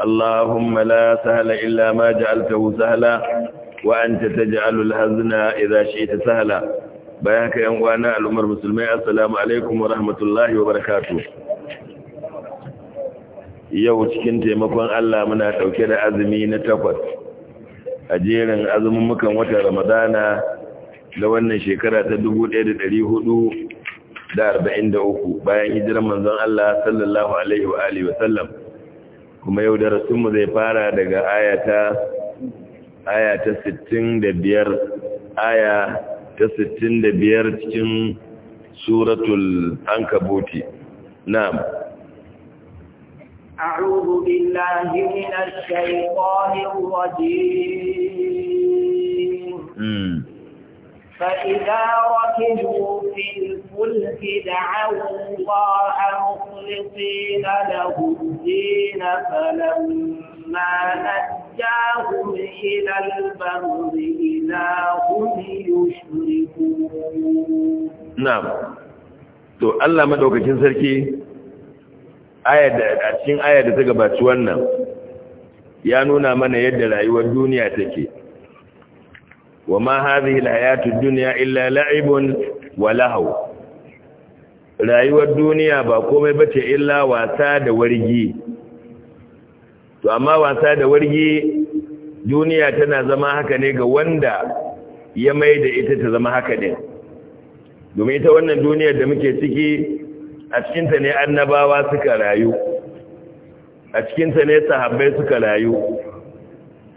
اللهم لا سهل إلا ما جعلته سهلا وأنت تجعل الهزن إذا شئت سهلا بيانك ينوانا الأمر المسلمين السلام عليكم ورحمة الله وبركاته yau cikin taimakon Allah muna ɗauke da azumi na takwas a jerin azumumukan watan Ramadana da wannan shekara ta 1443 bayan hijirar manzon Allah sallallahu alaihi wa manzon wa kuma yau darasinmu zai fara daga ayata ayata 65 aya ta 65 cikin suratul ankabuti na'am أعوذ بالله من الشيطان الرجيم فإذا ركبوا في الفلك دعوا الله مخلصين له الدين فلما نجاهم إلى البر إذا هم يشركون نعم Allah sarki da a cikin aya da ta gabaci wannan ya nuna mana yadda rayuwar duniya take wa ma hadhihi alhayatu dunya illa la'ibun wa lahu rayuwar duniya ba komai bace illa wasa da wargi to amma wasa da wargi duniya tana zama haka ne ga wanda ya mai da ita ta zama haka ne domin ita wannan duniyar da muke ciki a cikinta ne annabawa suka rayu a cikinta ne sahabbai suka rayu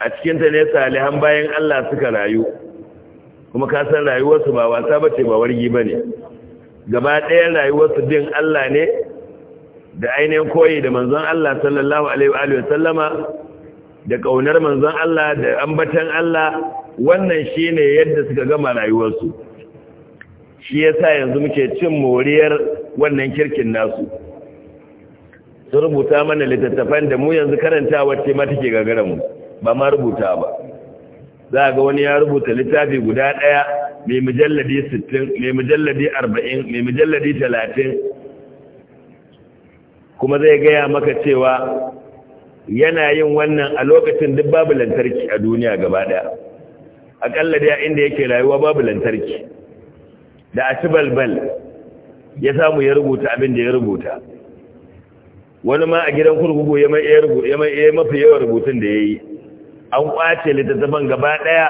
a cikinta ne salihan bayan Allah suka rayu kuma ka san rayuwarsu ba wasa ba ce ba wargi ba ne gaba ɗaya rayuwarsu din Allah ne da ainihin koyi da manzon Allah sallallahu alaihi wa sallama da ƙaunar manzon Allah da ambatan Allah wannan shine yadda suka gama rayuwarsu shi yasa yanzu muke cin moriyar wannan kirkin nasu sun rubuta mana littattafan da mu yanzu karantawa ce ma take gagaranmu ba ma rubuta ba za ga wani ya rubuta littafi guda ɗaya mai mujalladi 60 mai mujalladi 40 mai mujalladi 30 kuma zai gaya maka cewa yana yin wannan a lokacin duk babu lantarki a duniya gaba ɗaya aƙalla da inda yake rayuwa babu lantarki da a ci balbal ya samu ya rubuta abin da ya rubuta wani ma a gidan kurkuku ya mafi yawan rubutun da ya yi an kwace littattafan gaba ɗaya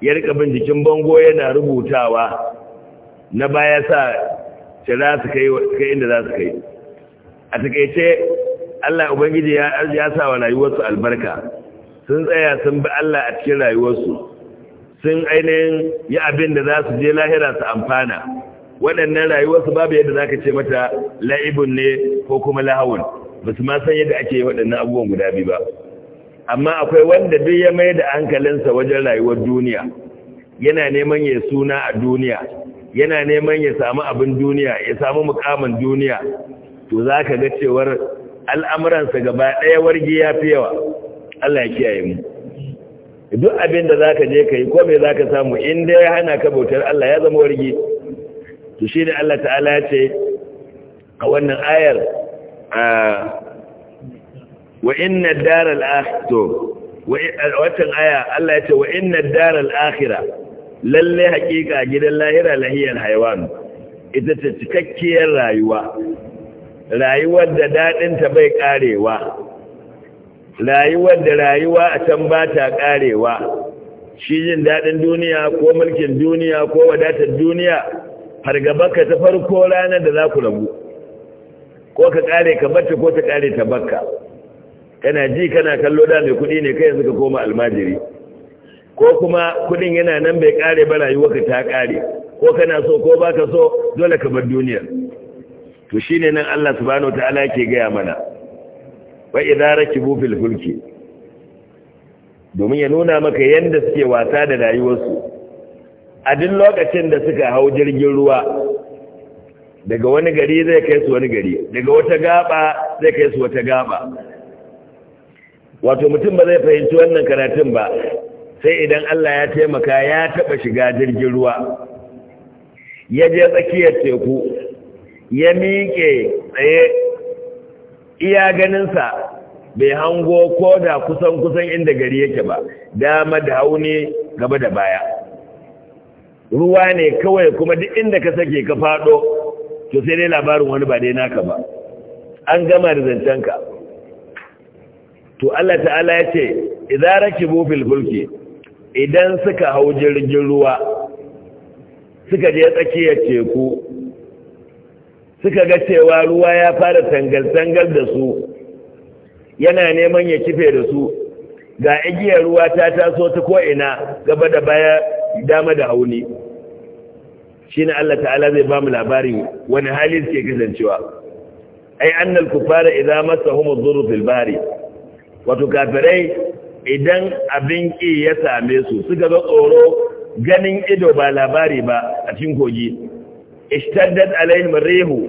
ya rika bin bango yana rubutawa na baya sa za su kai inda za su kai a takaice Allah Ubangiji ya sa wa rayuwarsu albarka sun tsaya sun bi Allah a cikin rayuwarsu sun ainihin yi abin da za su je lahira su amfana waɗannan rayuwarsu babu yadda za ka ce mata la'ibun ne ko kuma lahawun ba su ma san yadda ake yi waɗannan abubuwan guda biyu ba amma akwai wanda duk ya mai da hankalinsa wajen rayuwar duniya yana neman ya suna a duniya yana neman ya samu abin duniya ya samu mukamin duniya to za ka ga cewar al'amuransa gaba ɗaya wargi ya fi yawa Allah ya kiyaye mu duk abin da za ka je ka yi ko mai za ka samu inda ya hana ka bautar Allah ya zama wargi to shi ne Allah ta'ala ce a wannan ayar wa inna daral to watan aya Allah ya ce wa inna daral lallai lalle hakika gidan lahira lahiyar haiwan ita ce cikakkiyar rayuwa rayuwar da dadinta bai karewa rayuwar da rayuwa a can bata ta karewa shi jin dadin duniya ko mulkin duniya ko wadatar duniya fargabaka ta farko ranar da za ku rabu ko ka kare ka ko ta kare ta kana ji kana kallo da mai kuɗi ne kai yanzu ka koma almajiri ko kuma kuɗin yana nan bai kare ba rayuwarka ta kare, ko kana so ko baka so dole ka bar duniya to shine nan Allah subhanahu wataala yake gaya mana wa idza rakibu fil fulki domin ya nuna maka yanda suke wasa da rayuwarsu a duk lokacin da suka hau jirgin ruwa daga wani gari zai kai su wani gari daga wata gaba zai kai su wata gaba wato mutum ba zai fahimci wannan karatun ba sai idan Allah ya taimaka ya taɓa shiga jirgin ruwa ya je tsakiyar teku ya miƙe tsaye iya ganinsa bai hango ko da kusan-kusan inda gari yake ba dama da hauni gaba da baya ruwa ne kawai kuma duk inda ka sake ka faɗo to sai dai labarin wani ba dai naka ba an gama da zancenka to Allah ta'ala ya ce idan rakibu fil fulki idan suka hau jirgin ruwa suka je tsakiyar teku suka ga cewa ruwa ya fara tangal-tangal da su yana neman ya kife da su ga igiyar ruwa ta taso ta ko'ina gaba da baya dama da hauni shi na Allah ta'ala zai ba mu labarin wani hali suke kasancewa ai annal kufara idan masa humu zuru fil bari wato kafirai idan abin ƙi ya same su suka zo tsoro ganin ido ba labari ba a cikin kogi ishtaddat alaihim rihu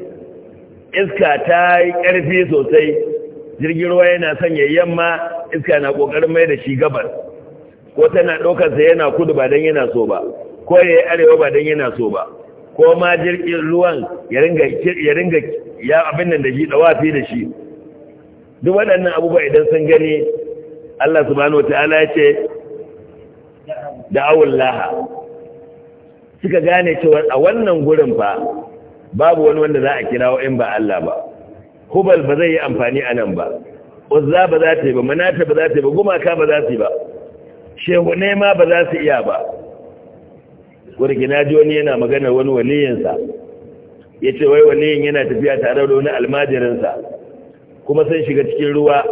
iska ta yi ƙarfi sosai jirgin ruwa yana sanya yamma iska na ƙoƙarin mai da shi gabar ko tana sa yana kudu ba don yana so ba ko ya yi arewa ba don yana so ba ko ma jirgin ruwan ya ringa ya abin nan da shi ɗawafi da shi duk waɗannan abubuwa idan sun gani Allah subhanahu wataala ya ce laha, suka gane cewa a wannan gurin fa babu wani wanda za a kirawo in ba Allah ba hubal ba zai yi amfani a nan ba uzza ba za ta yi ba manata ba za ta yi ba gumaka ba za su yi ba shehu ma ba za su iya ba gurgina joni yana maganar wani waliyinsa ya ce wai waliyin yana tafiya tare da wani almajirinsa kuma sun shiga cikin ruwa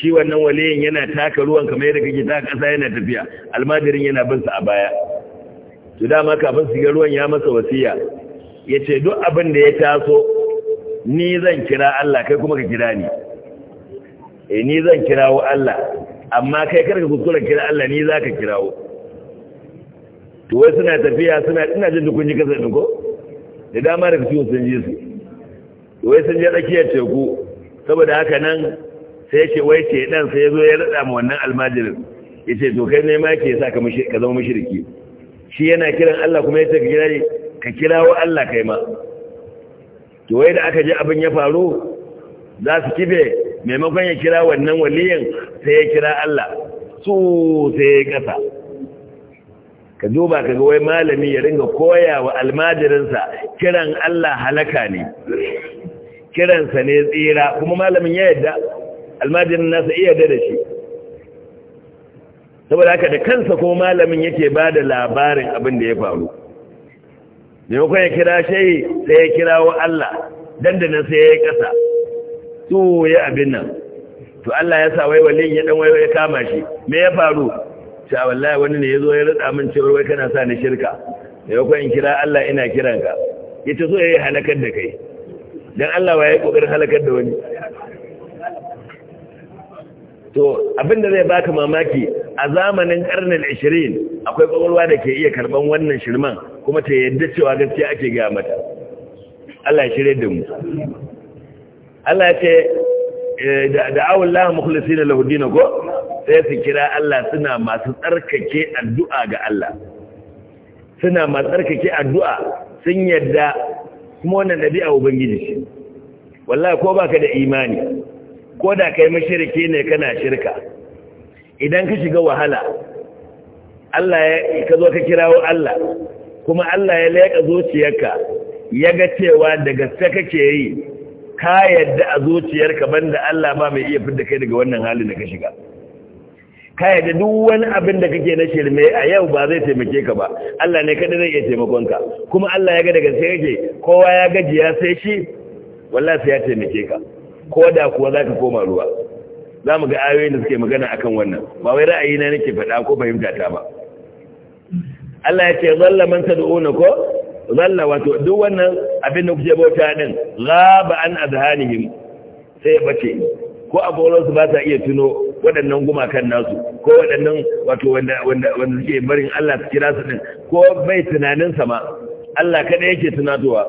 shi wannan waliyin yana taka ruwan kamar yadda kake taka ƙasa yana tafiya almajirin yana bin sa a baya to dama kafin su ga ruwan ya masa wasiya yace duk abin da ya taso ni zan kira Allah kai kuma ka kira ni eh ni zan kirawo Allah amma kai kar ka kuskura kira Allah ni zaka kirawo to wai suna tafiya suna ina jin kun ji kasa ko da dama da kiyo sun ji su to wai sun je tsakiyar teku saboda haka nan sai ce wai ce dan sai ya zo ya rada mu wannan almajirin ya ce to kai ne ma ke sa ka zama mushriki shi yana kiran Allah kuma ya ce ka kira ka kirawo Allah kai ma to wai da aka ji abin ya faru za su kibe maimakon ya kira wannan waliyin sai ya kira Allah su sai ya kasa ka duba ka ga wai malami ya ringa koya wa almajirinsa kiran Allah halaka ne kiransa ne tsira kuma malamin ya yadda almajin nasa iya yadda da shi saboda haka da kansa kuma malamin yake ba da labarin abin da ya faru maimakon ya kira shayi sai ya kira wa Allah dandanan sai ya yi ƙasa to ya abin nan to Allah ya sa wai walin ya dan wai ya kama shi me ya faru sha wallahi wani ne yazo ya rada min cewa wai kana sa ni shirka maimakon in kira Allah ina kiranka yace so yayi halakar da kai don Allah wa ya yi ƙoƙarin halakar da wani to abin da zai baka mamaki a zamanin ƙarnin 20 akwai kwakwalwa da ke iya karban wannan shirman kuma ta yadda cewa gaskiya ake gaya mata Allah ya shirye da mu Allah ya ce eh, da laha makulisi na lahudina ko sai su kira Allah suna masu tsarkake addu'a ga Allah suna masu tsarkake addu'a sun yadda kuma wannan a ubangiji shi wallahi ko baka da imani ko da kai mashirki ne kana shirka idan ka shiga wahala Allah ya ka zo ka kirawo Allah kuma Allah ya leƙa zuciyarka ya ga cewa daga saka kake yi ka yadda a zuciyarka banda Allah ba mai iya fidda kai daga wannan halin da ka shiga ka da duk wani abin da kake na shirme a yau ba zai taimake ka ba Allah ne kada zai iya taimakon ka kuma Allah ya ga daga sai yake kowa ya gaji ya sai shi wallahi sai ya taimake ka ko da kuwa zaka koma ruwa za mu ga ayoyin da suke magana akan wannan ba wai ra'ayi na nake faɗa ko fahimta ta ba Allah ya ce zalla man tad'una ko zalla wato duk wannan abin da kuke bauta din ghaba an azhanihim sai bace ko abolansu ba ta iya tuno waɗannan gumakan nasu ko waɗannan wato wanda suke barin Allah su kira su ɗin, ko bai tunanin ma Allah kada yake tunatowa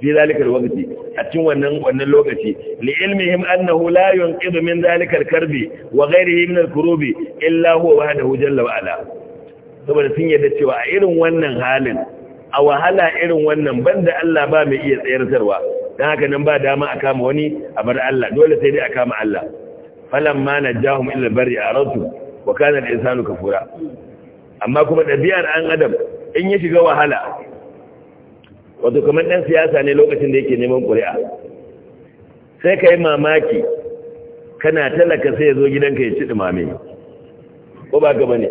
fi zalikal wakati a cin wannan wannan lokaci li ilmihim annahu la yunqidu min zalikal karbi wa ghayrihi min al-kurubi illa huwa wahdahu jalla wa ala saboda sun yarda cewa a irin wannan halin a wahala irin wannan banda Allah ba mai iya tsayarwa don haka nan ba dama a kama wani a bar Allah dole sai dai a kama Allah ma na mu najahum ila a Rautu wa kana da insanu kafura amma kuma ɗabi'ar an adam in ya shiga wahala wato kamar ɗan siyasa ne lokacin da yake neman ƙuri'a sai ka yi mamaki kana talaka sai ya zo gidanka ya ci ɗumame ko ba gaba ne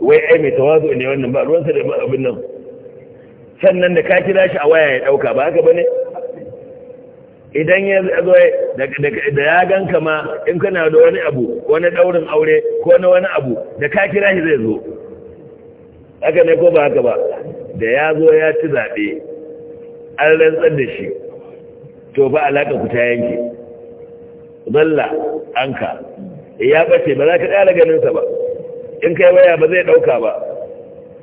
wai ai mai tawazu ne wannan ba ruwansa da abin nan sannan da ka kira shi a waya ya ɗauka ba haka ba ne idan ya zo da ya ganka ma in kana da wani abu wani daurin aure ko na wani abu da ka kira shi zai zo haka ne ko ba haka ba da ya zo ya ci zaɓe an rantsar da shi to ba alaƙa ku ta yanke zalla an ka ya ɓace ba za ka ƙara ganinsa ba in kai waya ba zai ɗauka ba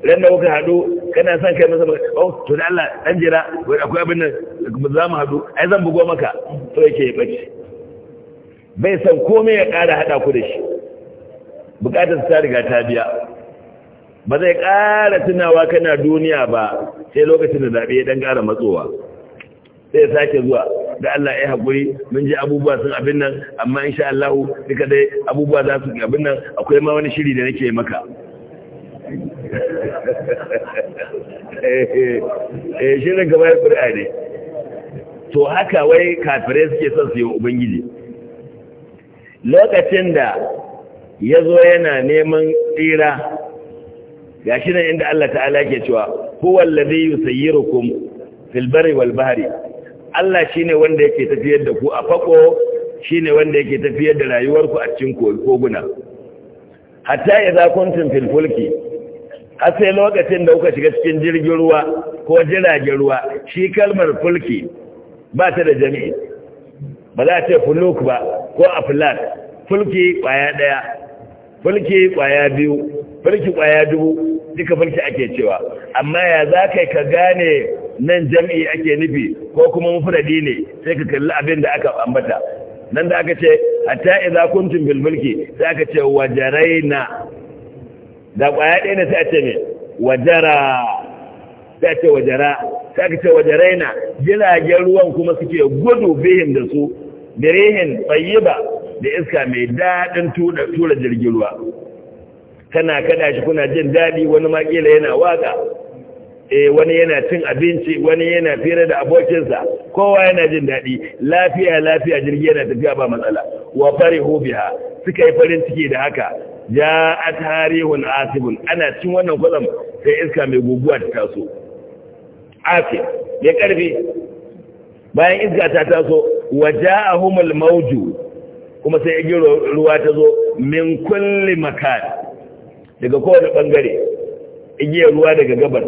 ran da kuka haɗu kana san kai masa oh to da Allah dan jira akwai abin nan za mu hadu ai zan bugo maka to yake ya bace bai san komai ya kara hada ku da shi bukatar ta riga ta biya ba zai ƙara tunawa kana duniya ba sai lokacin da zabe ya dan kara matsowa sai ya sake zuwa da Allah ya hakuri mun ji abubuwa sun abin nan amma insha Allah duka dai abubuwa za su abin nan akwai ma wani shiri da nake maka Eh, eh shi ne gaba ƙuri'a ne to haka wai kafirai suke son su yi ubangiji lokacin da ya zo yana neman tsira ga shi ne inda Allah ta'ala ke cewa huwal ladhi yusayyirukum fil barri wal bahri Allah shine wanda yake tafiyar da ku a fako shine wanda yake tafiyar da rayuwarku a cikin koguna hatta idza kuntum fil fulki A sai lokacin da kuka shiga cikin jirgin ruwa ko jiragen ruwa shi kalmar fulki ba ta da jami'i ba za a ce fuluk ba ko a flat. fulki kwaya daya fulki kwaya biyu fulki kwaya dubu duka fulki ake cewa amma ya za kai ka gane nan jami'i ake nufi ko kuma mufradi ne sai ka kalli abin da aka ambata nan da aka ce hatta idza kuntum bil mulki sai aka ce wajaraina da kwaya ɗaya ne sai a ce mai wajara sai a ce wajara sai a ce wajaraina jiragen ruwan kuma suke gudu bihin da su birihin tsayyiba da iska mai daɗin tura jirgin ruwa kana kada shi kuna jin daɗi wani makila yana waka eh wani yana cin abinci wani yana fira da abokinsa kowa yana jin daɗi lafiya lafiya jirgi yana tafiya ba matsala wa farihu biha suka yi farin ciki da haka ya a tarihun asibin ana cin wannan kwazam sai iska mai guguwa ta taso asif ya karfi bayan iska ta taso waje a humul mauju kuma sai ya giro ruwa ta zo min kulli makan daga kowane bangare igiyar ruwa daga gabar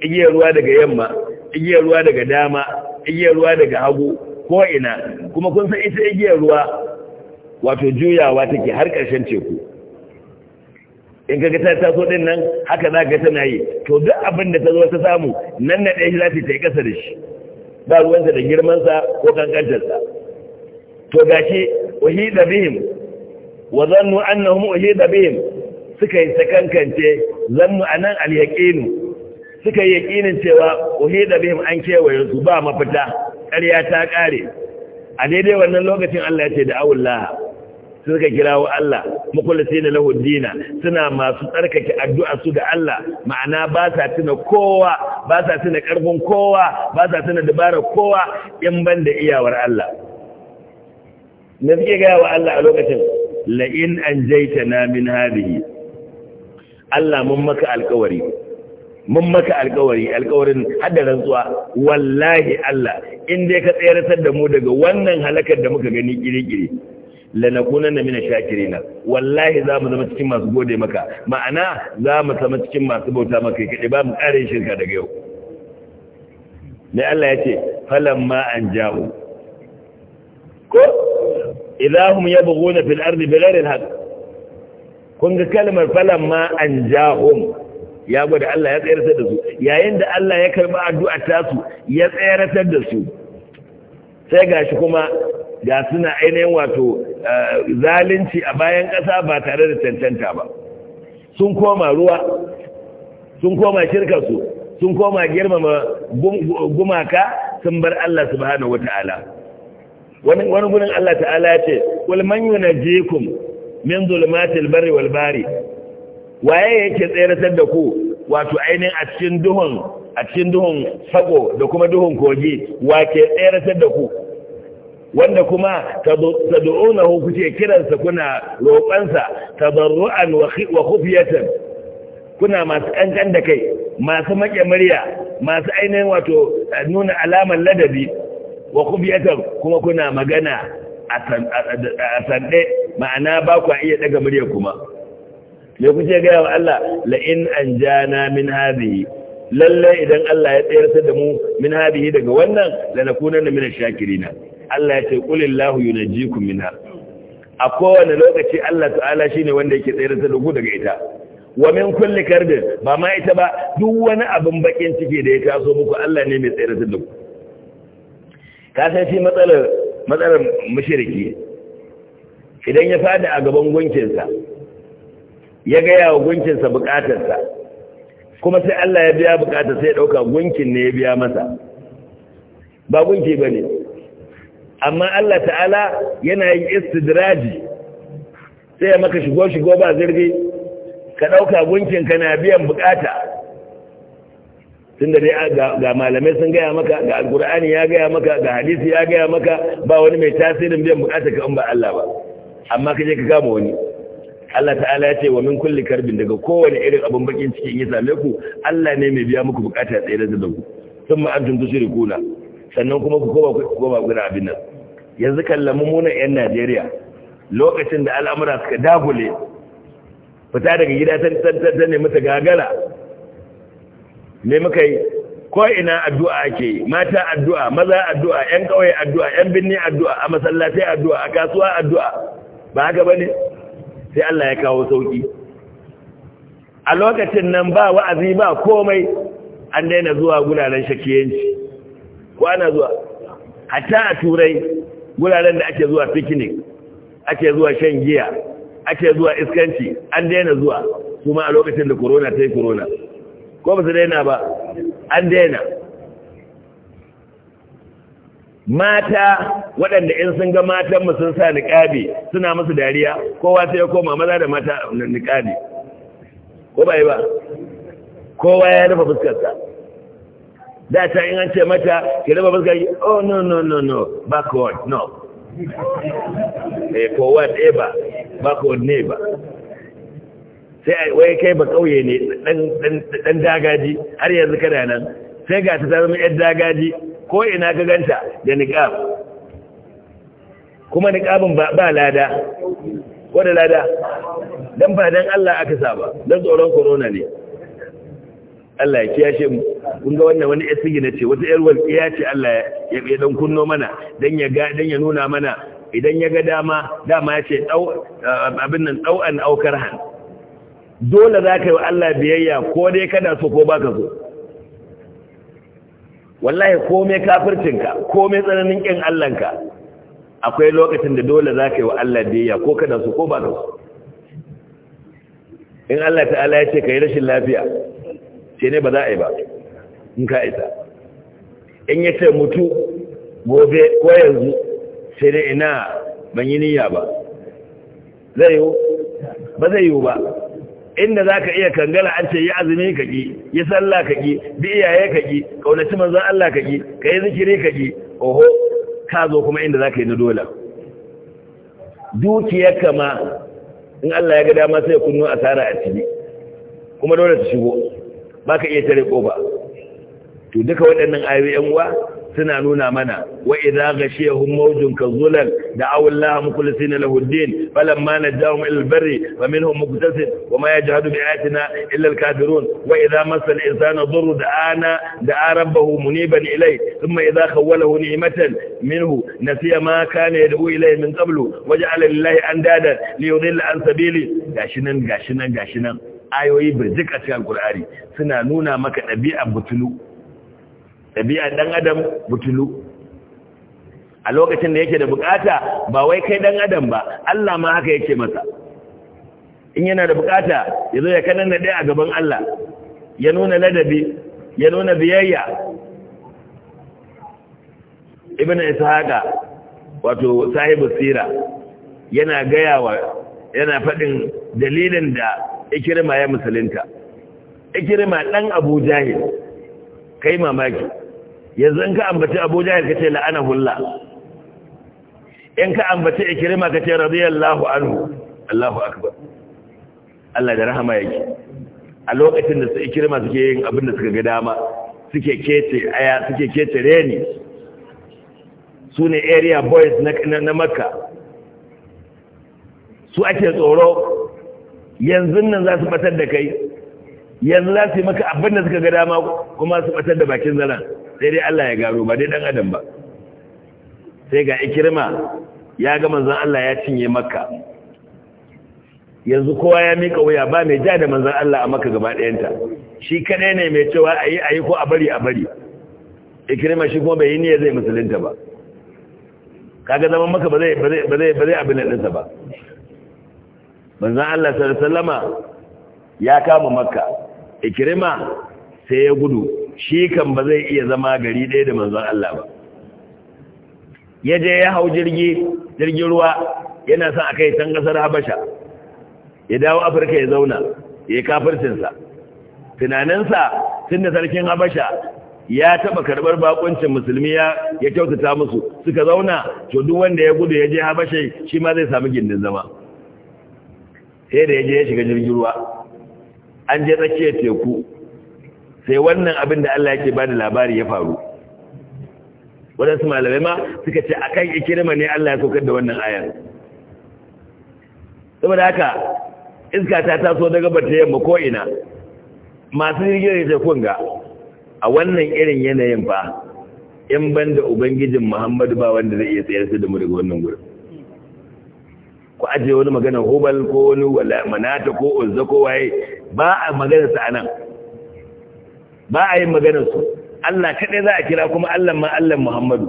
igiyar ruwa daga yamma igiyar ruwa daga dama igiyar ruwa daga hagu ko ina kuma kun san ita igiyar ruwa wato juyawa take har ƙarshen teku in ga ta taso din nan haka za ka tana yi to duk abin da ta zo ta samu nan na ɗaya shi za ta yi ƙasa da shi ba ruwansa da girmansa ko kankantarsa to shi uhida bihim wa zannu annahum uhida bihim suka yi sakankance zannu anan al-yaqinu suka yi yaqinin cewa uhida bihim an kewaye su ba mafita ƙarya ta ƙare a daidai wannan lokacin Allah ya ce da awullaha suka kirawo Allah mukhlisina lahu dina suna masu tsarkake addu'a su ga Allah ma'ana ba sa tuna kowa ba sa tuna karfin kowa ba sa tuna dabarar kowa in ban da iyawar Allah me suke ga wa Allah a lokacin la in anjaytana min hadhihi Allah mun maka alƙawari mun maka alkawari alkawarin hada rantsuwa wallahi Allah in dai ka tsayar da mu daga wannan halakar da muka gani kire-kire na mina na. wallahi za mu zama cikin masu gode maka ma'ana za mu zama cikin masu bauta maka kai ba mu ƙara shirka daga yau Mai Allah ya ce ma an ja'u ko idahum yabghuna fil ardi bighayri al-haq kun ga kalmar ma an ja'um ya gwada Allah ya tsayar da su yayin da Allah ya karba ta tasu ya tsayar da su sai gashi kuma ga suna ainihin wato eh, zalunci a bayan ƙasa ba tare da cancanta ba sun koma ruwa sun koma shirkarsu sun koma girmama gumaka sun bar Allah subhanahu wa ta’ala wani gurin Allah ta'ala ya ce wal man yunajjikum min zulmatil bari wal bari waye yake tsere da ku wato ainihin a cikin duhun a cikin duhun sako da kuma duhun kogi wake tsere da ku wanda kuma tad'unahu kuce kiransa kuna roƙansa tadarruan wa kuna masu kankan da kai masu make murya masu ainihin wato nuna alamar ladabi wa khufiyatan kuma kuna magana a sande ma'ana ba ku iya daga murya kuma me kuce ga wa Allah la in anjana min hadhihi lalle idan Allah ya tsayar da mu min hadhihi daga wannan lanakuna min ash-shakirina Allah ya ce kulillahu yunajjikum minha a kowane lokaci Allah ta'ala shi ne wanda yake tsayar da ku daga ita wa min kulli karbin ba ma ita ba duk wani abin bakin ciki da ya taso muku Allah ne mai tsayar da ku ka san shi matsalar matsalar mushriki idan ya fada a gaban gunkinsa ya gaya wa gunkinsa bukatarsa kuma sai Allah ya biya bukatar sai ya dauka gunkin ne ya biya masa ba gunki bane amma Allah ta'ala yana yin istidraji sai ya maka shigo-shigo ba zirgi ka ɗauka ka na biyan bukata tun dai ga malamai sun gaya maka ga alkur'ani ya gaya maka ga hadisi ya gaya maka ba wani mai tasirin biyan bukata ka in ba Allah ba amma ka je ka kama wani Allah ta'ala ya ce wa min kulli karbin daga kowane irin abin bakin in ya same ku Allah ne mai biya muku bukata tsaye da ku sun ma'antun kula, sannan kuma ku koma ku abin nan yanzu kallamu muna 'yan najeriya lokacin da al'amura suka dagule fita daga gida ta nemi ta gagara ne muka yi ko'ina addu'a ake mata addu'a maza addu'a 'yan kawai addu'a 'yan binni addu'a a masallatai addu'a a kasuwa addu'a ba haka ba ne sai Allah ya kawo sauƙi a lokacin nan ba wa'azi ba komai an daina zuwa guraren shakiyanci ko ana zuwa hatta a turai guraren da ake zuwa picnic ake zuwa shan giya ake zuwa iskanci an daina zuwa kuma a lokacin da corona ta yi corona ko ba su daina ba an daina mata waɗanda in sun ga matanmu sun sa niƙabi suna musu dariya kowa sai ya koma maza da mata niƙabi ko ba yi ba kowa ya rufe fuskarsa da ta in an ce mata ki raba fuska yi oh no no no no backward no eh forward ever backward never sai wai kai ba kauye ne dan dagaji har yanzu kana nan sai ga ta zama ɗan dagaji ko ina ka ganta da niqab kuma niqabin ba ba lada wanda lada dan ba dan Allah aka saba dan tsoron corona ne Allah ya kiyashe mu kun ga wannan wani esigi na ce wata yarwar ya ce Allah ya ɗan kunno mana don ya ga ya nuna mana idan ya ga dama dama ya ce eh, abin nan ɗau'an aukar han dole za ka yi wa Allah biyayya ko dai da so ko baka so wallahi komai kafircinka komai tsananin ƙin Allahnka akwai lokacin da dole za ka yi wa Allah biyayya ko da so ko baka so in Allah ta'ala ya ce ka yi rashin lafiya ce ne ba za a yi ba in ka isa in ya ce mutu gobe ko yanzu sai dai ina ban yi niyya ba zai yiwu ba zai yiwu ba inda za ka iya kangala an ce yi azumi ka ƙi yi sallah ka ƙi bi iyaye ka ƙi ƙaunaci manzon Allah ka ƙi ka yi zikiri ka ƙi oho ka zo kuma inda za ka yi na dole dukiyar kama in Allah ya ga dama sai kunnu asara a kuma dole ta shigo ba ka iya tare ko ba to duka waɗannan ayoyi yan uwa suna nuna mana wa idza ghashiyahum mawjun kazulal da'aw Allah mukhlisin lahu ad-din falamma najahum ila al-barri wa minhum muqtasid wa ma yajhadu bi ayatina illa al-kafirun wa idza massa al-insana dhurru da'ana da'a rabbahu muniban ilayhi thumma idza khawwalahu ni'matan minhu nasiya ma kana yad'u ilayhi min qablu waja'ala lillahi andada liyudilla an sabili gashinan gashinan gashinan ayoyi birjik a cikin alkur'ani suna nuna maka ɗabi'a butulu ɗabi'a ɗan adam butulu a lokacin da yake da bukata ba wai kai ɗan adam ba Allah ma haka yake masa in yana da bukata ya zo ya kanan da ɗaya a gaban Allah ya nuna ladabi ya nuna biyayya ibn ishaqa wato sahibu sira yana gayawa yana faɗin dalilin da ikirma ya musulunta ikirma ɗan abu jahil kai mamaki yanzu in ka ambaci abu jahil ka ce la'ana hulla in ka ambaci ikirima ka ce radiyallahu anhu Allahu akbar Allah da rahama yake a lokacin da su ikirima suke yin abin da suka ga dama suke kece aya suke kece reni su ne area boys na makka su ake tsoro yanzu nan za su batar da kai yanzu za su yi maka abin da suka ga dama kuma su batar da bakin zanen. sai dai Allah ya gano ba dai dan adam ba sai ga ikirma ya ga manzon Allah ya cinye makka yanzu kowa ya mika wuya ba mai ja da manzon Allah a makka gaba ta shi kadai ne mai cewa ayi ayi ko a bari a bari ikirma shi kuma bai yi niyyar zai musulunta ba kaga zaman maka ba zai ba zai ba zai abin da ba manzon Allah sallallahu alaihi wasallama ya kama makka ikirma sai ya gudu shi kan ba zai iya zama gari ɗaya da manzon Allah ba ya je ya hau jirgi jirgin ruwa yana son a kai can ƙasar habasha ya dawo afirka ya zauna ya yi kafircinsa tunaninsa tun da sarkin habasha ya taɓa karɓar bakuncin musulmi ya kyautata musu suka zauna to duk wanda ya gudu ya je habasha shi ma zai samu gindin zama sai da ya je ya shiga jirgin ruwa an je tsakiyar teku sai wannan abin da Allah yake bada labari ya faru waɗansu malamai ma suka ce a kan ikirma ne Allah ya saukar da wannan Aya. saboda haka iska ta taso daga bata yamma ko'ina masu jirgin kun ga a wannan irin yanayin fa in ban da ubangijin muhammadu ba wanda zai iya tsayar su da mu daga wannan gurin ku ajiye wani magana hubal ko wani manata ko uzza ko waye ba a magana sa anan ba a yin maganarsu Allah kaɗai za a kira kuma Allah ma Allah Muhammadu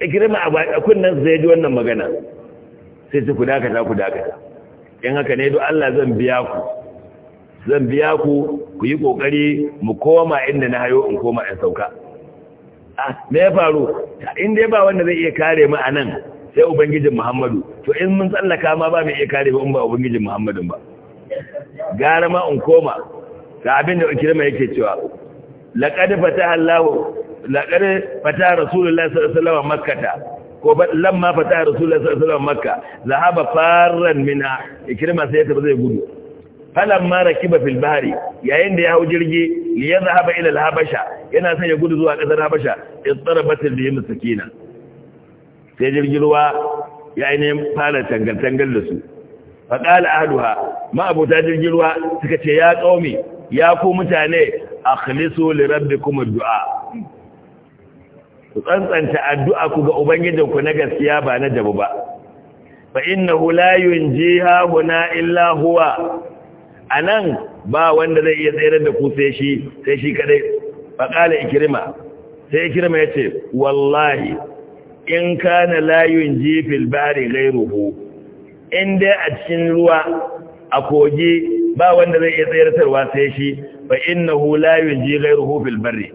A ma a kunnan zai ji wannan magana sai su kudakata kudakata. in haka ne do Allah zan biya ku zan biya ku ku yi kokari mu koma inda na hayo in koma in sauka ah me ya faru in dai ba wanda zai iya kare mu anan sai ubangijin Muhammadu to in mun tsallaka ma ba mai iya kare ba in ba ubangijin Muhammadu ba gara ma in koma ga abin da ikirma yake cewa laqad fataha Allah laqad fataha Rasulullah sallallahu alaihi wasallam makkata ko lamma fataha Rasulullah sallallahu alaihi wasallam makka zahaba farran minha ikirma sai ta zai gudu falamma rakiba fil bahri yayin da ya hau jirgi li yadhhaba ila al habasha yana son ya gudu zuwa kasar habasha istarabat bihi miskina sai jirgin ruwa ya ne fara tangal tangal da su fa qala ahluha ma abuta jirgin ruwa suka ce ya qaumi ya ku mutane akhlisu li kuma du'a ku tsantsanta addu'a ku ga ubangijinku na gaskiya ba na dabu ba fa innahu la yunjiha huna illa huwa anan ba wanda zai iya tsere da ku sai shi sai shi kadai fa qala ikrima sai ikrima yace wallahi in kana la yunji fil bari ghayruhu in dai a cikin ruwa a kogi ba wanda zai iya tsayartarwa sai shi fa innahu la yunji ghayruhu fil barri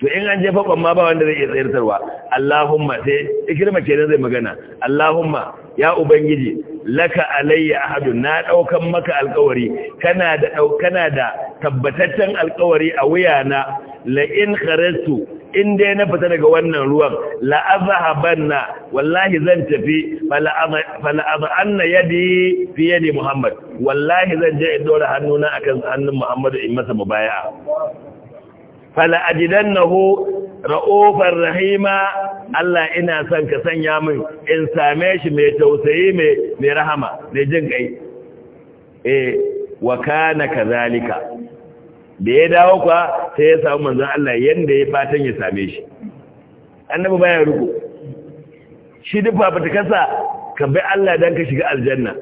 to in an jefa ban ma ba wanda zai iya tsayartarwa Allahumma sai ikirma kenan zai magana Allahumma ya ubangiji laka alayya hadu na daukan maka alkawari kana da kana da tabbataccen alkawari a wuyana la in kharajtu in dai na fita daga wannan ruwan la'azahabanna wallahi zan tafi fala'aza anna yadi fi yadi Muhammad wallahi zan je in dora hannuna akan hannun Muhammadu in masa mubaya fala'ajidannahu ra'ufar rahima Allah ina son ka sanya min in same shi mai tausayi mai rahama mai jin kai eh wa kana kazalika da ya dawo kuwa sai ya samu manzon Allah yadda ya fatan ya same shi annabi baya ruku shi duk kasa, ka bi Allah don ka shiga aljanna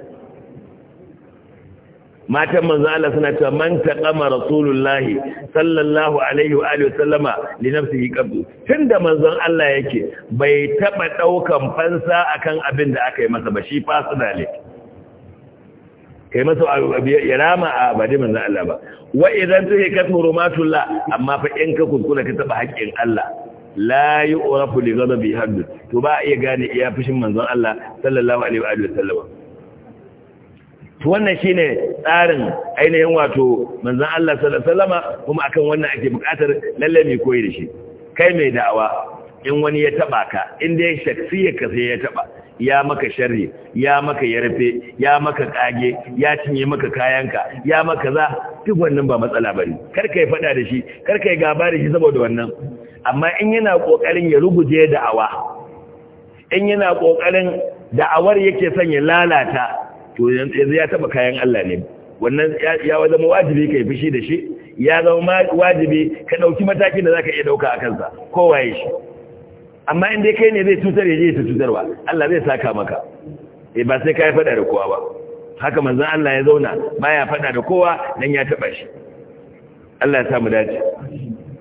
matan manzon Allah suna cewa man kama rasulullahi sallallahu alaihi wa alihi wasallama li nafsihi tun tunda manzon Allah yake bai taɓa ɗaukan fansa akan abin da aka yi masa ba shi fasida kai masa ya rama a ba manzan Allah ba wa idan take kasu tsoro la amma fa in ka kuskura ka taba haƙƙin Allah la yu'rafu li ghadabi hadd to ba a iya gane iya fushin manzan Allah sallallahu alaihi wa sallam to wannan shine tsarin ainihin wato manzan Allah sallallahu alaihi kuma akan wannan ake bukatar lalle mai koyi da shi kai mai da'awa in wani ya taba ka in dai shaksiyar ka sai ya taba ya maka sharri ya maka yarfe ya maka kage ya cinye maka kayanka ya maka za duk wannan ba matsala bane kar kai fada da shi kar kai gaba da shi saboda wannan amma in yana kokarin ya ruguje da'awa in yana kokarin da'awar yake son ya lalata to yanzu ya taba kayan Allah ne wannan ya zama wajibi kai fushi da shi ya zama wajibi ka dauki matakin da zaka iya dauka a kansa ya shi amma inda kai ne zai cutar ya je ta cutarwa Allah zai saka maka e ba sai yi fada da kowa ba haka manzan Allah ya zauna baya fada da kowa nan ya taba shi Allah ya samu dace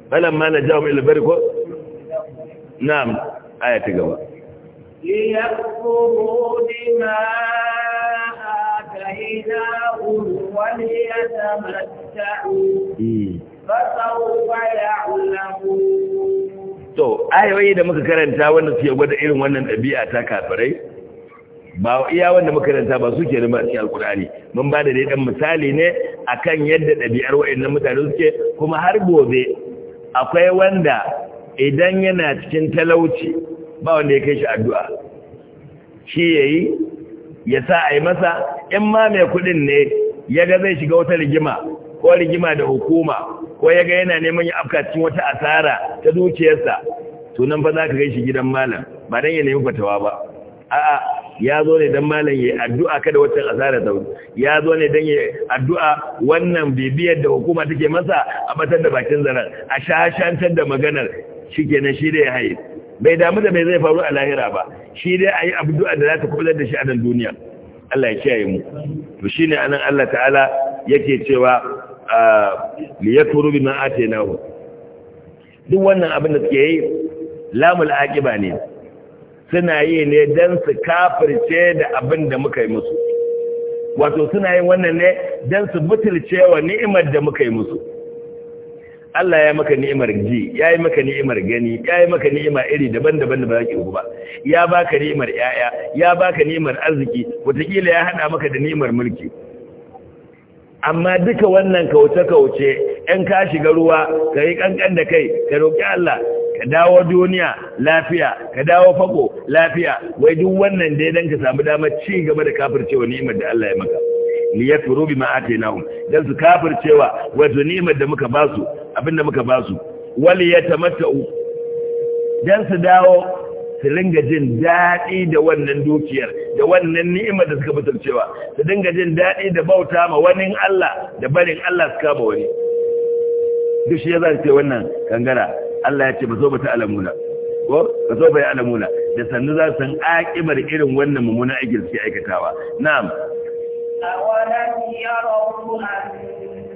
falamma najahum ila barko na'am aya ta gaba ليكفروا بما آتيناهم وليتمتعوا hmm. فسوف يعلمون to ayoyi da muka karanta wanda suke gwada irin wannan ɗabi'a ta kafirai ba iya wanda muka karanta ba suke da masu alkurani mun ba da dai misali ne akan yadda ɗabi'ar waɗannan mutane suke kuma har gobe akwai wanda idan yana cikin talauci ba wanda ya kai shi addu'a shi yayi ya sa a masa in ma mai kuɗin ne Yaga zai shiga wata rigima ko rigima da hukuma ko ya ga yana neman ya afka cikin wata asara ta dukiyarsa to nan fa za ka gaishe gidan malam ba dan ya nemi fatawa ba a'a ya zo ne dan malam yayi addu'a kada wata asara ta ya zo ne dan yayi addu'a wannan bibiyar da hukuma take masa a batar da bakin zarar a shashantar da maganar shikenan shi da ya haye bai damu da bai zai faru a lahira ba shi dai ayi addu'a da za ta kubutar da shi a nan duniya Allah ya kiyaye mu to shine anan Allah ta'ala yake cewa ma'ate na hu duk wannan abin da suke yi lamul aqiba ne suna yi ne dan su kafirce da abin da muka yi musu wato suna yin wannan ne dan su butulce wa ni'imar da muka yi musu Allah ya maka ni'imar ji ya yi maka ni'imar gani ya yi maka ni'ima iri daban-daban da ba za ki ba ya baka ni'imar 'ya'ya, ya baka ni'imar arziki wataƙila ya hada maka da ni'imar mulki amma duka wannan kauce-kauce ‘yan ka shiga ruwa ka yi ƙanƙan da kai ka roƙi Allah ka dawo duniya lafiya ka dawo fako lafiya wai duk wannan dai ka samu damar ci gaba da kafircewa ni'imar da Allah ya maka liyafuru bima atainahum dan su kafircewa wato ni'imar da muka basu abinda muka basu wali tamatta'u dan su dawo su dinga jin daɗi da wannan dukiyar da wannan ni'imar da suka cewa, su dinga jin daɗi da bauta ma wani Allah da barin Allah su kama wani duk shi ya za ce wannan kangara Allah ya ce ba so ba ta alamuna ko ba so ba ya alamuna da sannu za su san irin wannan mummunan aikin suke aikatawa na'am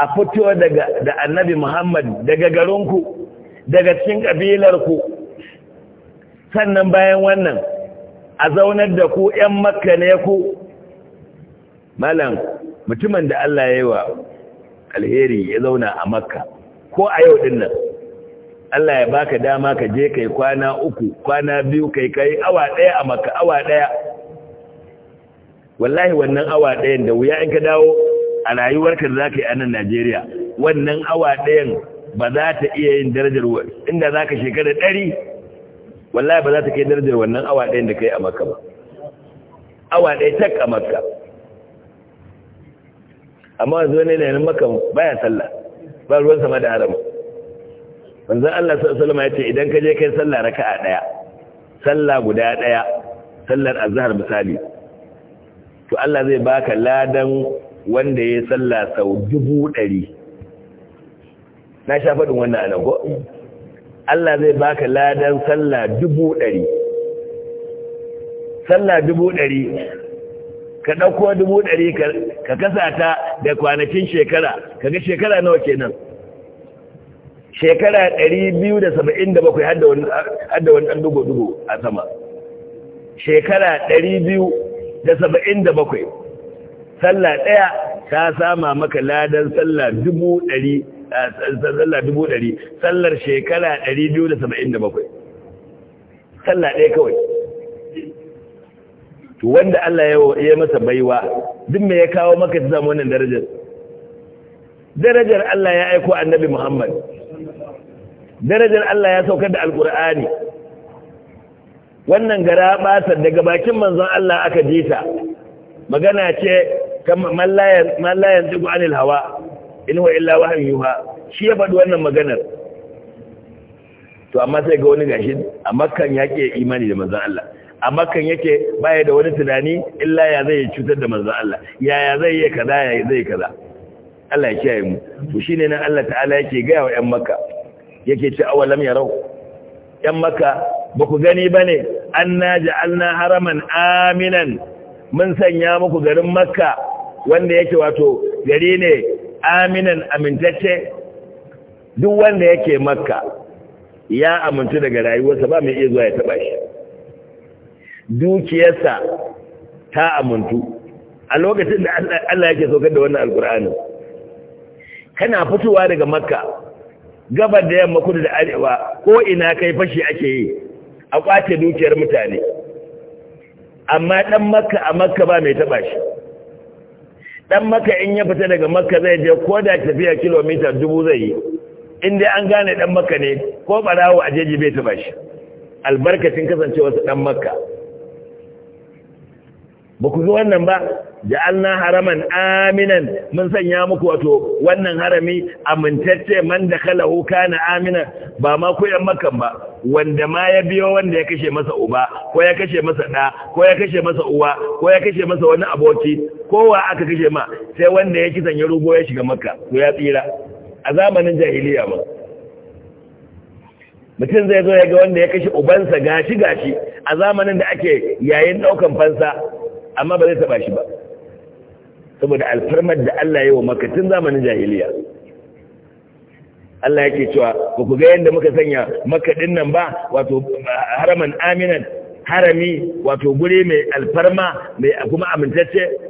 a fito daga da annabi Muhammad daga garinku daga cikin ku, sannan bayan wannan a zaunar da ku ‘yan makka ne ku malam mutumin da Allah ya yi wa alheri ya zauna a makka ko a yau ɗin nan Allah ya baka dama ka je kai kwana uku kwana biyu kai kai awa ɗaya a makka awa ɗaya wallahi wannan awa ɗayan da wuya in ka dawo a rayuwarka da za ka yi a nan Najeriya wannan awa ɗayan ba za ta iya yin darajar inda za ka shekara ɗari wallahi ba za ta kai darajar wannan awa ɗayan da ka yi a makka ba awa ɗaya tak a makka amma wanzu ne da yanin makka baya sallah ba ruwan sama da harama wanzan Allah sallama ya ce idan ka je kai sallah raka'a ɗaya sallah guda ɗaya sallar azhar misali to Allah zai baka ladan wanda ya sallah sau dubu ɗari na sha faɗin wannan anan ko Allah zai baka ladan sallah dubu ɗari sallah dubu ɗari ka ɗauko dubu ɗari ka kasa ta da kwanakin shekara kaga shekara nawa kenan shekara ɗari biyu da da bakwai hadda wani ɗan dugo-dugo a sama shekara ɗari biyu da da bakwai. sallah ɗaya ta sama maka ladan sallah dubu ɗari sallah sallar shekara ɗari biyu da saba'in da bakwai sallah ɗaya kawai to wanda Allah ya masa baiwa duk me ya kawo maka ta samu wannan darajar darajar Allah ya aiko annabi Muhammad darajar Allah ya saukar da alkur'ani wannan gara ɓatar daga bakin manzon Allah aka jita. magana ce kan mallayan zigu anil hawa inuwa illa wahan yuha shi ya faɗi wannan maganar to amma sai ga wani gashi a makan yake imani da manzan Allah a makan yake baya da wani tunani illa ya zai cutar da manzan Allah yaya zai yi kaza ya zai kaza Allah ya kiyaye mu to shine nan Allah ta'ala yake ga wa ƴan makka yake ce awalam yarau ƴan makka ba ku gani bane anna ja'alna haraman aminan mun sanya muku garin makka wanda yake wato gari ne aminan amintacce duk wanda yake makka ya amintu daga rayuwarsa ba mai iya zuwa ya taba shi dukiyarsa ta amintu a lokacin da Allah yake saukar da wannan alkur'ani kana fitowa daga makka gabar da yamma kudu da arewa ko ina kai fashi ake yi a kwace dukiyar mutane amma dan makka a makka ba mai taba shi dan maka in ya fita daga makka zai je ko da tafiya kilomita dubu zai yi in dai an gane dan makka ne ko barawo a jeji bai taba shi albarkacin kasancewar su dan makka ba ku zo wannan ba ja'alna haraman aminan mun sanya muku wato wannan harami amintacce man da kalahu kana amina ba ma ku yan makan ba wanda ma ya biyo wanda ya kashe masa uba ko ya kashe masa da ko ya kashe masa uwa ko ya kashe masa wani aboki kowa aka kashe ma sai wanda ya kisan ya rugo ya shiga maka ko ya tsira a zamanin jahiliya ma mutum zai zo ya ga wanda ya kashe ubansa gashi gashi a zamanin da ake yayin daukan fansa amma ba zai taba shi ba saboda alfarmar da Allah ya yi wa maka tun zamanin jahiliya Allah yake cewa ba ku ga yadda muka sanya maka din nan ba wato haraman aminan harami wato guri mai alfarma mai kuma amintacce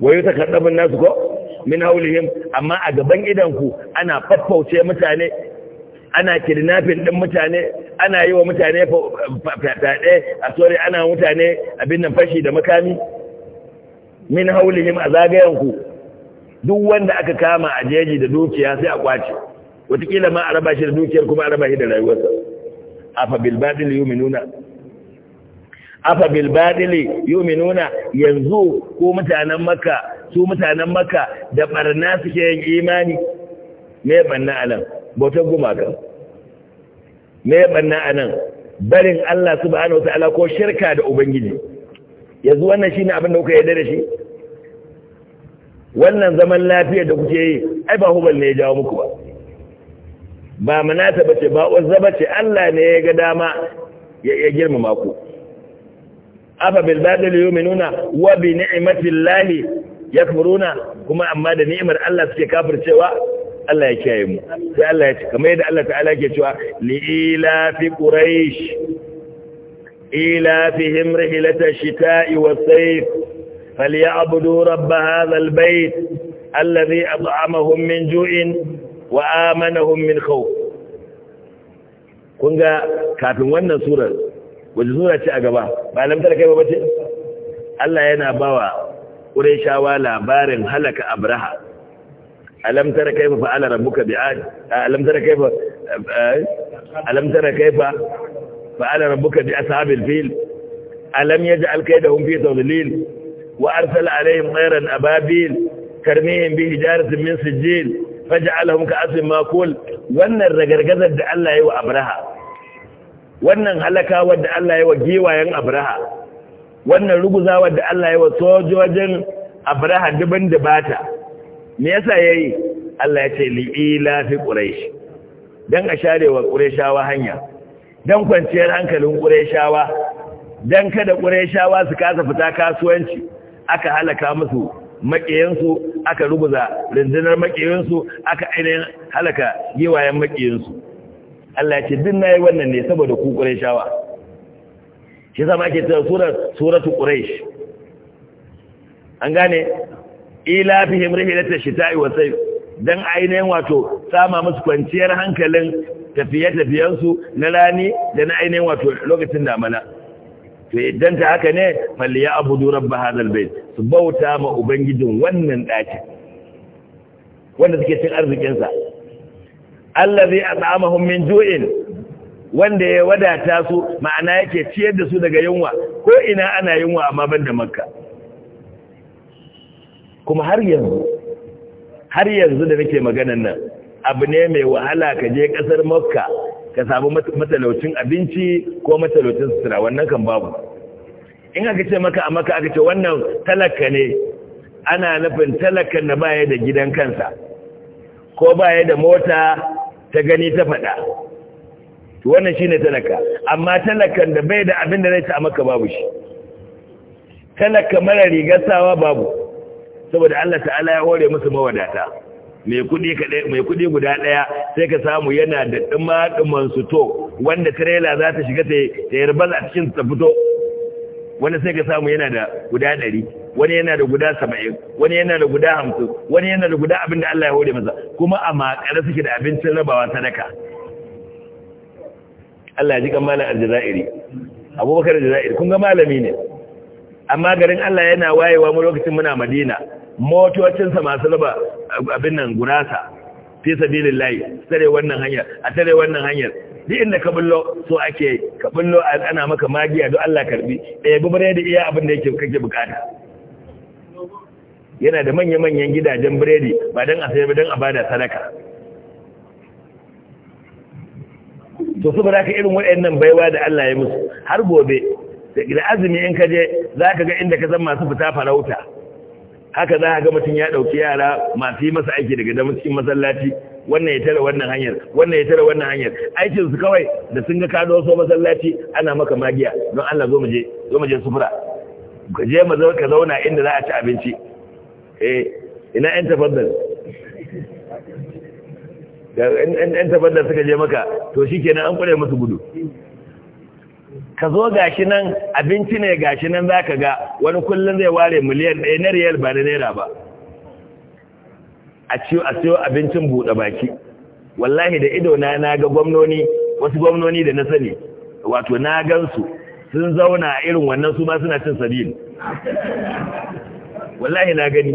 wayo ta kaddabin nasu ko min haulihim amma a gaban idanku ana faffauce mutane ana kidnapping din mutane ana yi wa mutane fataɗe a sori ana mutane abin nan fashi da makami min haulihim a zagayenku duk wanda aka kama a jeji da dukiya sai a kwace watakila ma a raba shi da dukiyar kuma a raba shi da rayuwarsa afa bil yu'minuna afa bil badili yu'minuna yanzu ko mutanen makka su mutanen makka da barna suke yin imani me banna anan bautar gumaka me banna anan barin Allah subhanahu wataala ko shirka da ubangiji yanzu wannan shine abin da kuka yarda da shi wannan zaman lafiya da kuke yi ai ba hubal ne ya jawo muku ba ba manata bace ba uzza bace Allah ne ya ga dama ya girmama ku afa bil batil yu'minuna wa bi ni'mati llahi yakfuruna kuma amma da ni'imar Allah suke kafircewa Allah ya kiyaye mu sai Allah ya ce kamar yadda Allah ta'ala ke cewa li ila fi quraish ila fihim rihlata shita'i was-sayf falyabudu rabb hadha al-bayt alladhi at'amahum min ju'in wa amanahum min khawf kun ga kafin wannan surar wajen suna ce a gaba ba alamtar kai ba ce Allah yana bawa shawa labarin halaka abraha alamtar kai fa ala rabbuka bi a alamtar kai fa eh, alamtar kai fa fa ala rabbuka bi ashabil fil alam yaj'al kaydahum fi tadlil wa arsala alaihim ghayran ababil karmihim bi hijaratin min sijil faj'alahum ka'asin maqul wannan ragargazar da Allah yi wa abraha wannan halaka wadda Allah ya wa giwayen abraha wannan ruguza wadda Allah ya wa sojojin abraha dubin dubata me yasa yayi Allah ya ce li'ila fi quraish dan a sharewa ƙuraishawa hanya dan kwanciyar hankalin qurayshawa dan kada qurayshawa su kasa fita kasuwanci aka halaka musu makiyansu aka ruguza rundunar makiyansu aka ainihin halaka giwayen makiyansu Allah ya ce din nayi wannan ne saboda ku Qurayshawa shi zama ake ta surar suratu Quraysh an gane ila fihim rihlata shita'i wa sayf dan ainihin wato sama musu kwanciyar hankalin tafiye tafiyensu na rani da na ainihin wato lokacin damana to idan ta haka ne falliya Abu Durab ba hadal bait su bauta ma ubangijin wannan daki wanda suke cin arzikinsa. allazi at'amahum min ju'in wanda ya wadata su ma'ana yake ciyar da su daga yunwa ko ina ana yunwa amma banda makka kuma har yanzu har yanzu da nake maganan nan abu ne mai wahala ka je kasar makka ka samu matalaucin abinci ko matsalocin sutura wannan kan babu in aka ce maka a maka aka ce wannan talaka ne ana nufin talakan na baya da gidan kansa ko baya da mota ta gani ta faɗa wannan shine talaka amma talakan da bai da abin da zai ci maka babu shi talaka mara rigar babu saboda Allah ta'ala ya hore musu mawadata mai kudi mai kudi guda daya sai ka samu yana da dumaduman su to wanda trailer za ta shiga ta yarba a cikin ta fito wanda sai ka samu yana da guda 100 wani yana da guda saba'in wani yana da guda hamsin wani yana da guda abin da Allah ya hore masa kuma a makare suke da abincin rabawa sadaka Allah ya ji kan malam aljazairi abubakar aljazairi kun ga malami ne amma garin Allah yana wayewa mu lokacin muna madina motocinsa masu raba abin nan gurasa fi sabilin layi tare wannan hanyar a tare wannan hanyar di inda ka bullo so ake ka bullo ana maka magiya don Allah karbi ɗaya bubare da iya abin da yake kake bukata yana da manya-manyan gidajen biredi ba don a sai ba don a bada sadaka to su ba za ka irin waɗannan baiwa da Allah ya musu har gobe da azumi in ka je za ka ga inda ka san masu fita farauta haka za ka ga mutum ya ɗauki yara masu yi masa aiki daga damar cikin masallaci wannan ya tara wannan hanyar wannan ya tara wannan hanyar aikin su kawai da sun ga ka so masallaci ana maka magiya don Allah zo mu je zo mu je sufura ka je mu ka zauna inda za a ci abinci eh ina yan tafaddal suka je maka to shi kenan an kware musu gudu ka zo gashi nan abinci ne gashi nan za ka ga wani kullum zai ware miliyan ɗaya na riyal ba na naira ba a ciwo a siyo abincin buɗe baki wallahi da ido na na ga gwamnoni wasu gwamnoni da na sani wato na gansu sun zauna irin wannan su ma suna cin sabili wallahi na gani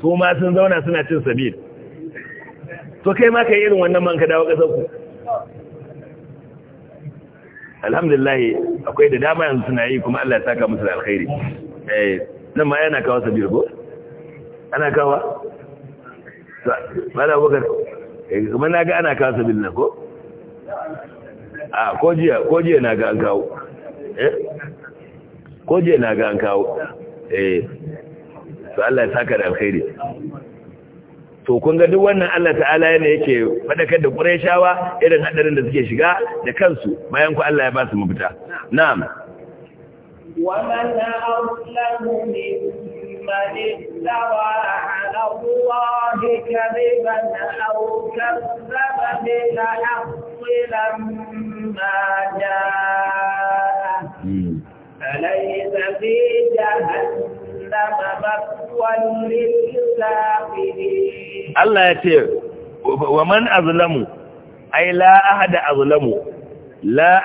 su ma sun zauna suna cin sabil to kai ma kai irin wannan man ka dawo kasar ku alhamdulillah akwai da dama yanzu suna yi kuma Allah ya saka musu alkhairi eh nan ma yana kawo sabil ko ana kawo Ba da bukar kuma na ga ana kawo sabil na ko a ko jiya na ga an kawo eh ko jiya na ga an kawo eh to Allah ya saka da alkhairi to kun ga duk wannan Allah ta'ala yana yake fadakar da Qurayshawa irin hadarin da suke shiga da kansu bayan ku Allah ya ba su mafita na'am ومن أظلم ممن افترى da الله كذبا فليس في جهنم مثوى للكافرين الله يتير ومن أظلمه azulamu, لا أحد أظلمه la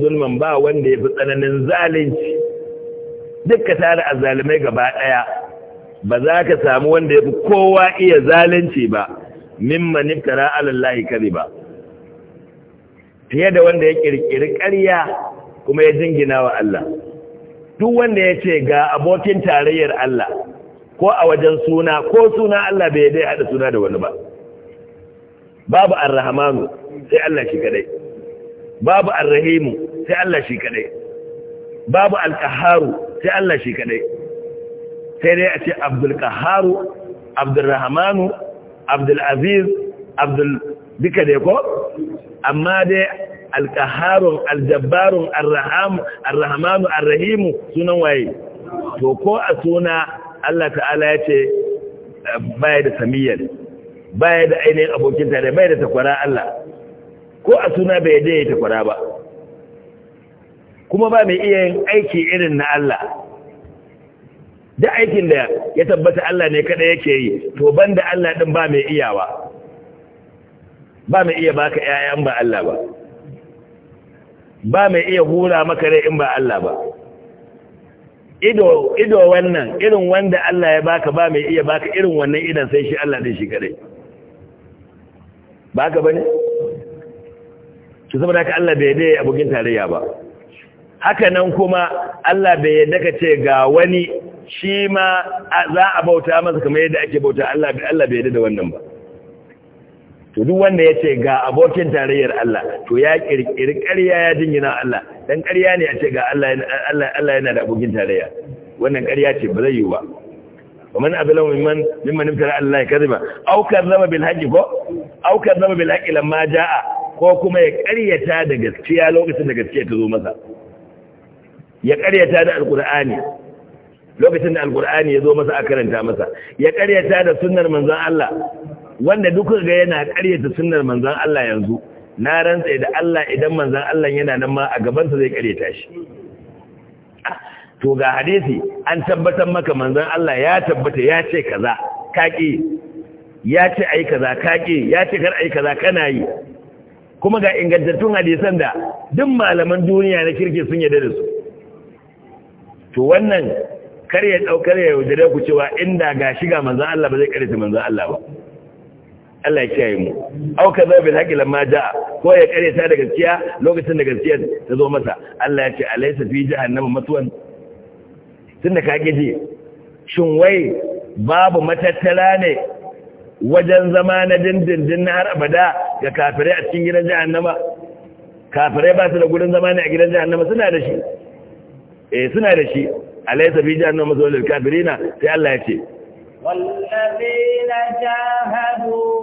zulman ba wanda yafi tsananin zalunci dukka tare a zalimai gaba ɗaya, ba za ka samu wanda yafi kowa iya zalunci ba mimma niftara kari ba. fiye da wanda ya ƙirƙiri ƙarya kuma ya jingina wa Allah duk wanda ya ce ga abokin tarayyar Allah ko a wajen suna ko suna Allah bai dai haɗa suna da wani ba babu arrahmanu sai Allah shi kadai babu arrahimu sai Allah shi kadai babu alƙaharu sai Allah shi kadai sai dai a ce abdul qaharu abdul Rahamanu, abdul aziz abdul duka dai ko amma dai alkaharun aljabbarun arrahmanu arrahimu sunan waye to ko a suna Allah ta'ala ya ce baya da samiyyar baya da ainihin abokin tare baya da takwara Allah ko a suna bai yadda ya takwara ba kuma ba mai iya yin aiki irin na Allah da aikin da ya tabbata Allah ne kada yake yi to banda Allah din ba mai iyawa ba mai iya baka 'ya'yan ba Allah ba ba mai iya hura maka rai in ba Allah ba ido ido wannan irin wanda Allah ya baka ba mai iya baka irin wannan idan sai shi Allah din shi kadai baka bane to saboda haka Allah bai dai abokin tarayya ba haka nan kuma Allah bai yadda ka ce ga wani shi ma za a bauta masa kamar yadda ake bauta Allah bai yadda da wannan ba to duk wanda ya ce ga abokin tarayyar Allah to ya kirkiri ƙarya ya jingina Allah dan ƙarya ne a ce ga Allah Allah yana da abokin tarayya wannan ƙarya ce ba zai yi ba ومن أظلم ممن Allah ابتلى على الله bil أو ko بالحق أو bil بالحق lamma ja'a ko kuma ya ƙaryata da gaskiya lokacin da gaskiya ta zo masa ya ƙaryata da alƙur'ani lokacin da alƙur'ani ya zo masa a karanta masa ya ƙaryata da sunnar manzon Allah wanda duk ga yana karyata sunnar manzon Allah yanzu na rantsa da Allah idan manzon Allah yana nan ma a gaban sa zai ƙaryata shi to ga hadisi an tabbatar maka manzon Allah ya tabbata ya ce kaza kaki ya ce ai kaza kaki ya ce kar ai kaza kana yi kuma ga ingantattun hadisan da duk malaman duniya na kirki sun yarda da su to wannan kar ya daukar ya yaudare ku cewa inda ga shiga manzon Allah ba zai karyata manzon Allah ba Allah ya kiyaye mu aw ka zabi hakila lamma jaa ko ya kare ta da gaskiya lokacin da gaskiya ta zo masa Allah ya ce alaysa fi jahannama matwan tunda ka gaje shin wai babu matattala ne wajen zama na dindindin na har abada ga kafirai a cikin gidan jahannama kafirai ba su da gurin zama ne a gidan jahannama suna da shi eh suna da shi alaysa fi jahannama matwan lil kafirina sai Allah ya ce والذين جاهدوا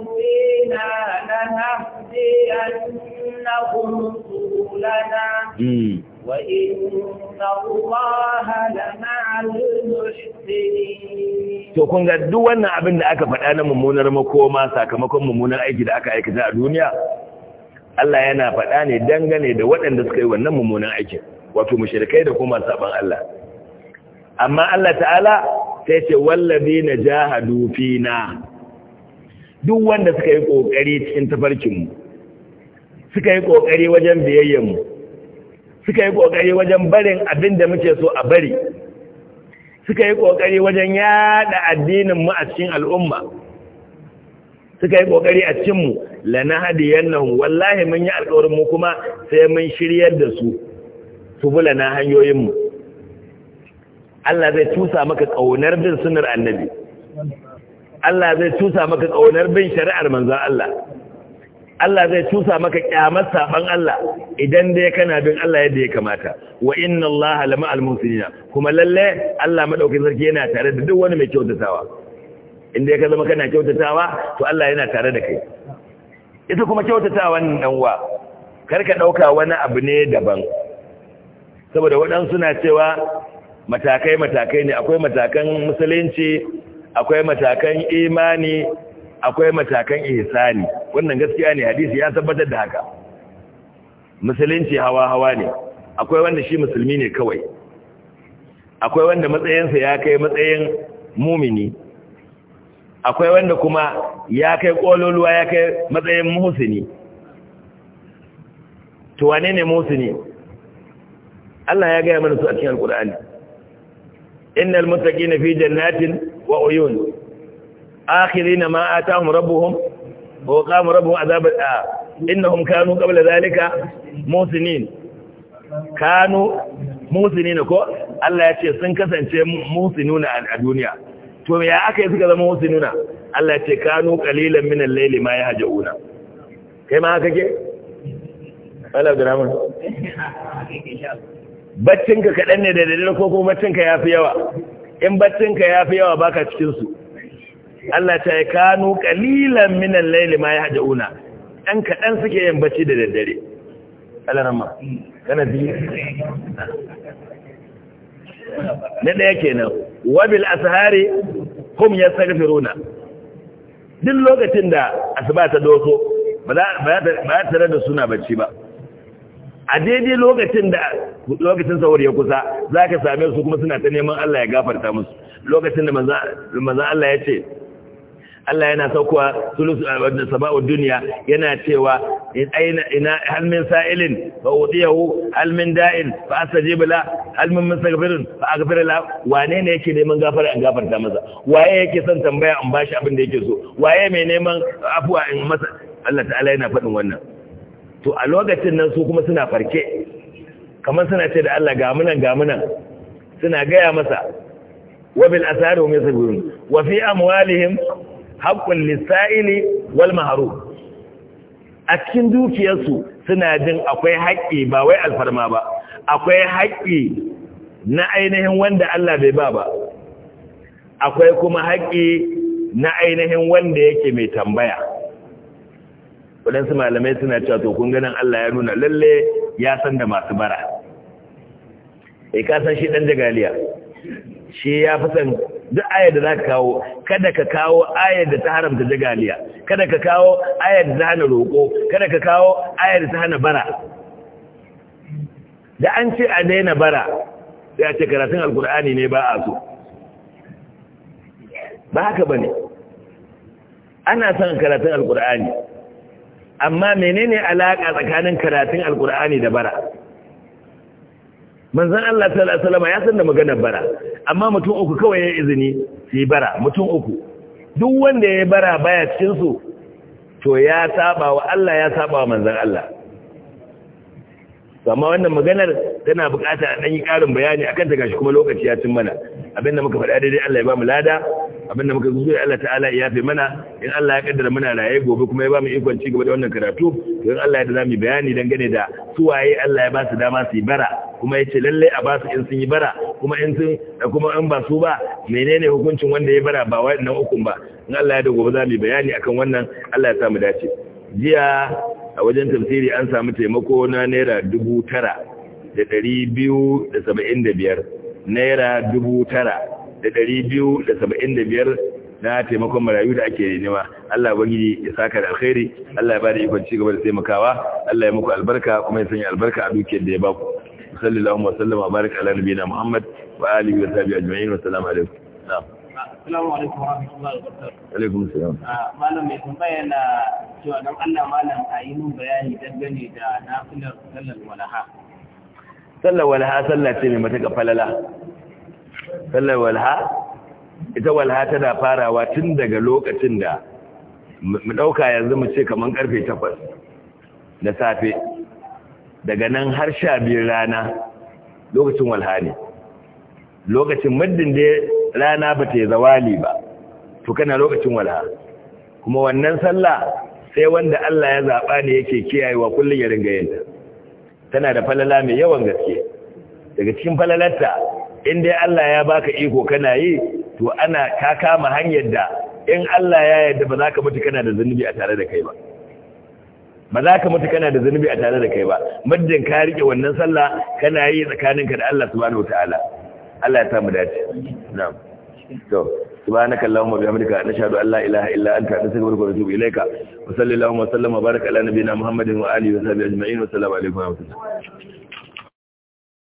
to kun ga duk wannan abin da aka faɗa na mummunar makoma sakamakon mummunar aiki da aka aikata a duniya Allah yana faɗa ne dangane da waɗanda suka yi wannan mummunan aikin wato mashirkai da kuma saban Allah amma Allah ta'ala sai ce wallabi na jahadu na". duk wanda suka yi ƙoƙari cikin tafarkinmu suka yi ƙoƙari wajen biyayyenmu suka yi ƙoƙari wajen barin abin da muke so a bari suka yi ƙoƙari wajen yada addininmu a cikin al'umma suka yi ƙoƙari a cikinmu lana hadi nan wallahi mun yi alƙawarinmu kuma sai mun shiryar da su su bula na hanyoyinmu Allah zai tusa maka ƙaunar bin sunar annabi Allah zai cusa maka ƙaunar bin shari'ar manzan Allah Allah zai cusa maka ƙyamar saban Allah idan dai kana bin Allah yadda ya kamata wa inna Allah lama al musulina kuma lalle Allah maɗauki sarki yana tare da duk wani mai kyautatawa inda ka zama kana kyautatawa to Allah yana tare da kai ita kuma nan ɗan uwa karka ɗauka wani abu ne daban saboda waɗansu na cewa matakai matakai ne akwai matakan musulunci akwai matakan imani akwai matakan ihsani wannan gaskiya ne hadisi ya tabbatar da haka musulunci hawa hawa ne akwai wanda shi musulmi ne kawai akwai wanda matsayinsa ya kai matsayin mumini akwai wanda kuma ya kai kololuwa ya kai matsayin musini. to wane ne muhsini Allah ya gaya mana su a cikin alkur'ani innal mutaqina fi jannatin wa uyun akhirina ma atahum rabbuhum wa qama rabbuhum azab al ah, innahum kanu qabla zalika musinin kanu musinina ko Allah ya ce sun kasance musinuna a duniya to ya aka yi suka zama musinuna Allah ya ce kanu qalilan min al-layli ma yahjauna kai ma kake? ke Allah Abdurrahman baccin ka kadan ne da dare ko kuma baccinka ka yafi yawa in ka ya fi yawa baka cikinsu Allah ta yi kanu ƙalilan minan laili ma ya haɗa una ɗan kaɗan suke yin bacci da daddare alarama kana biyu na ɗaya kenan wabil asahari hum ya sarfiruna duk lokacin da asuba ta doso ba za ta rada suna bacci ba a daidai lokacin da lokacin sahur ya kusa za ka same su kuma suna ta neman Allah ya gafarta musu lokacin da manzan Allah ya ce Allah yana saukowa sulusu a saba'ud duniya yana cewa ina halmin sa'ilin wuɗi yahu halmin da'in a saje la halmin ba a gafirin la wane ne yake neman gafara in gafarta masa waye yake son tambaya in bashi abin da yake so waye mai neman afuwa in masa Allah ta'ala yana faɗin wannan to a lokacin nan su kuma suna farke kamar suna ce da Allah gamunan gamunan suna gaya masa wa bil asarihim yasbirun wa fi amwalihim haqqul lisaili wal maharu. a cikin dukiyarsu suna jin akwai haƙƙi ba wai alfarma ba akwai haƙƙi na ainihin wanda Allah bai ba ba akwai kuma haƙƙi na ainihin wanda yake mai tambaya waɗansu malamai suna cewa to kun ganin Allah ya nuna lalle ya san da masu bara e ka san shi ɗan jagaliya shi ya fi san duk ayar da za ka kawo kada ka kawo ayar da ta haramta jagaliya kada ka kawo ayar da ta hana roƙo kada ka kawo ayar da ta hana bara da an ce a daina bara sai a ce karatun alkur'ani ne ba a so ba haka ba ne ana son karatun alkur'ani amma menene alaƙa tsakanin karatun alkur'ani da bara manzan Allah salama ya san da maganar bara amma mutum uku kawai ya izini su yi bara mutum uku duk wanda ya bara baya cikinsu to ya saba wa Allah ya saba wa manzan Allah amma wannan maganar tana bukata a yi ƙarin bayani akan ta gashi kuma lokaci ya cin mana abinda muka faɗa daidai Allah ya ba mu lada abinda muka zuwa Allah ta'ala ya fi mana in Allah ya kaddara muna raye gobe kuma ya ba mu ikon ci gaba da wannan karatu to in Allah ya da mu bayani gane da su waye Allah ya ba su dama su yi bara kuma yace lalle a ba su in sun yi bara kuma in sun kuma in ba su ba menene hukuncin wanda ya bara ba wai nan hukun ba in Allah ya da gobe za mu bayani akan wannan Allah ya sa mu dace jiya a wajen tafsiri an samu taimako na naira dubu tara da ɗari biyu da saba'in da biyar naira dubu tara da ɗari biyu da saba'in da biyar na taimakon marayu da ake nema Allah ubangiji ya saka da alkhairi Allah ya bada ikon ci gaba da taimakawa Allah ya muku albarka kuma ya sanya albarka a dukiyar da ya baku sallallahu wa sallam wa baraka ala nabiyina muhammad wa alihi wa sahbihi ajma'in wa Salamu alaikum na'am assalamu alaikum wa rahmatullahi wa barakatuh alaikum assalam ah, malam mai tambaya na cewa dan Allah malam ta yi mun bayani dangane da nafilar sallar walaha sallar walaha sallar ce mai matuƙa falala sallar walha ita walha tana farawa tun daga lokacin da mu ɗauka yanzu mu ce kamar karfe takwas na safe daga nan har sha biyun rana lokacin walha ne lokacin muddin da rana ba ta yi zawali ba to kana lokacin walha kuma wannan sallah sai wanda Allah ya zaɓa ne yake kiyayewa kullum ya ringa tana da falala mai yawan gaske daga cikin falalarta in dai Allah ya baka iko kana yi to ana ka kama hanyar da in Allah ya yarda ba za ka mutu kana da zunubi a tare da kai ba ba za ka mutu kana da zunubi a tare da kai ba muddin ka rike wannan sallah kana yi tsakaninka da Allah subhanahu wataala Allah ya samu dace na'am to subhanaka allahumma bihamdika nashhadu an la ilaha illa anta wa ilayka wa sallallahu wa sallama baraka ala nabiyyina muhammadin wa alihi wa sahbihi ajma'in wa